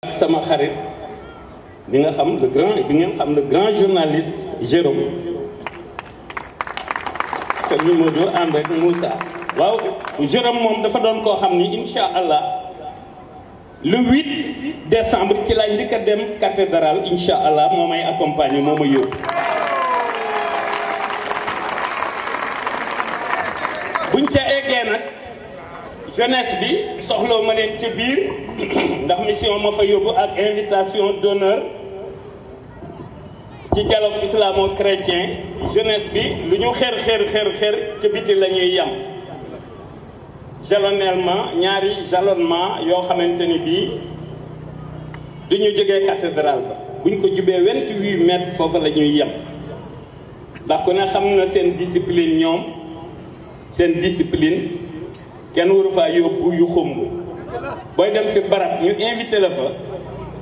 ak sama xarit bi nga xam le grand bi ngeen xam le grand journaliste Jérôme te ñu ma jur waaw Jérôme moom dafa doon koo xam ni incha allah le 8 décembre ci lay njëkk dem cathédrale incha allah moo may accompagner moo ma yóbbu buñ ca eggee nag jeunesse bi soxloo ma leen ci biir ndax mission ma fa yóbbu ak invitation d'honneur ci dialogue islamo-chrétien jeunesse bi lu ñu xër xër xër xër ci biti la ñuy yam jalonnement ñaari jalonnement yoo xamante ni bii du ñu jógee cathédrale ba buñ ko jubee vingt-huit mètres foofu lañuy ñuy yem ndax ku ne xam na seen discipline ñoom seen discipline kenn waru faa yóbbu yu xumb booy dem si barab ñu invité la fa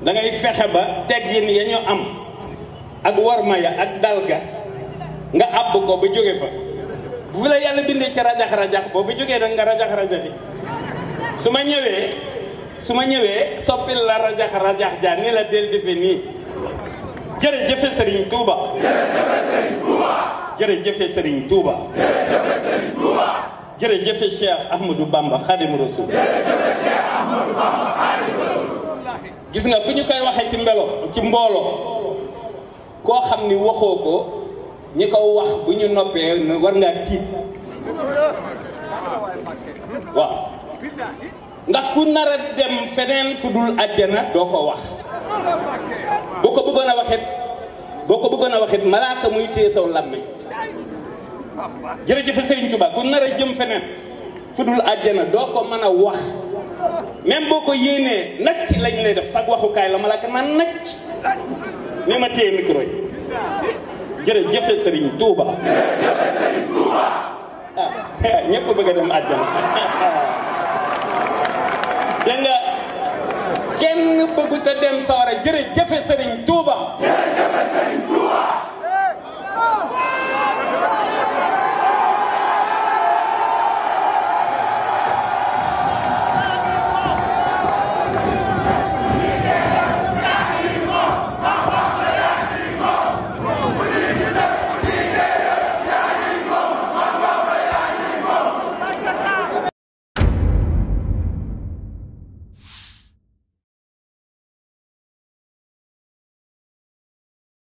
da ngay fexe ba teggin ya ñu am ak warma ya ak dalga nga àbb ko ba jóge fa bu fi la yàlla bindee ci rajax rajax boo fa jógee nag nga rajax rajaxi su ma ñëwee su ma ñëwee soppil la rajax rajax ja ni la del defe nii jërëjëfe Serigne Touba jërëjëfe Serigne Touba jërëjëfe Serigne Touba jërëjëfe Serigne Touba jërëjëf Cheikh Ahmadou Bamba Khadim Rasoul. jërëjëf Cheikh Ahmadou Bamba Khadim Rasoul. gis nga fu ñu koy waxee ci mbelo ci mboolo koo xam ni waxoo ko ñi ko wax bu ñu noppee war ngaa tiit waaw ndax ku nar a dem feneen fu dul àjjana doo ko wax boo ko bëggoon a waxit boo ko bëggoon a waxit malaaka muy téye saw làmmiñ jërëjëf Serigne Touba ku nar a jëm feneen fu dul àjjana doo ko mën a wax même boo ko yéenee nacc lañ lay def sag waxukaay la malaaka ma nacc ni ma téye micro yi jërëjëf Serigne Touba. jërëjëf Serigne Touba. ah ñëpp bëgg a dem àjjana dégg nga kenn bëggu ta dem sawara jërëjëf Serigne.